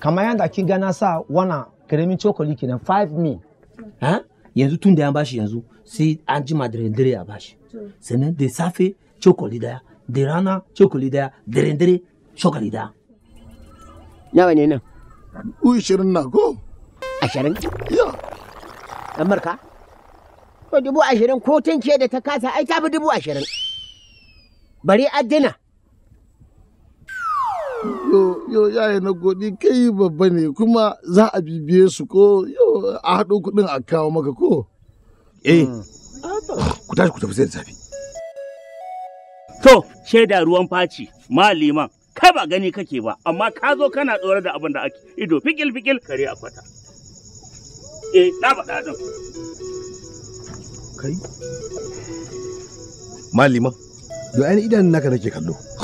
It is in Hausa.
kamar yadda kin ga na sa wana karamin cokali kenan 5 mil yanzu tun da ya bashi yanzu sai an jima dare dare ya bashi sannan da safe cokali daya da rana cokali daya dare dare cokali daya nawa ne nan shirin na go ashirin ya amurka ko dubu ashirin ko tunke da ta kasa ai ta fi dubu ashirin bari addina yo yaya na godi kai babba ne kuma za a bibiye su ko yo a haɗo kuɗin a kawo maka ko eh ku tashi ku tafi sai da safe to shaida ruwan faci liman kai ba gani kake ba amma ka zo kana ɗora da abin da ake ido fikil fikil kare a kwata eh na faɗa ɗin kai malima yo ainihin idan naka nake kallo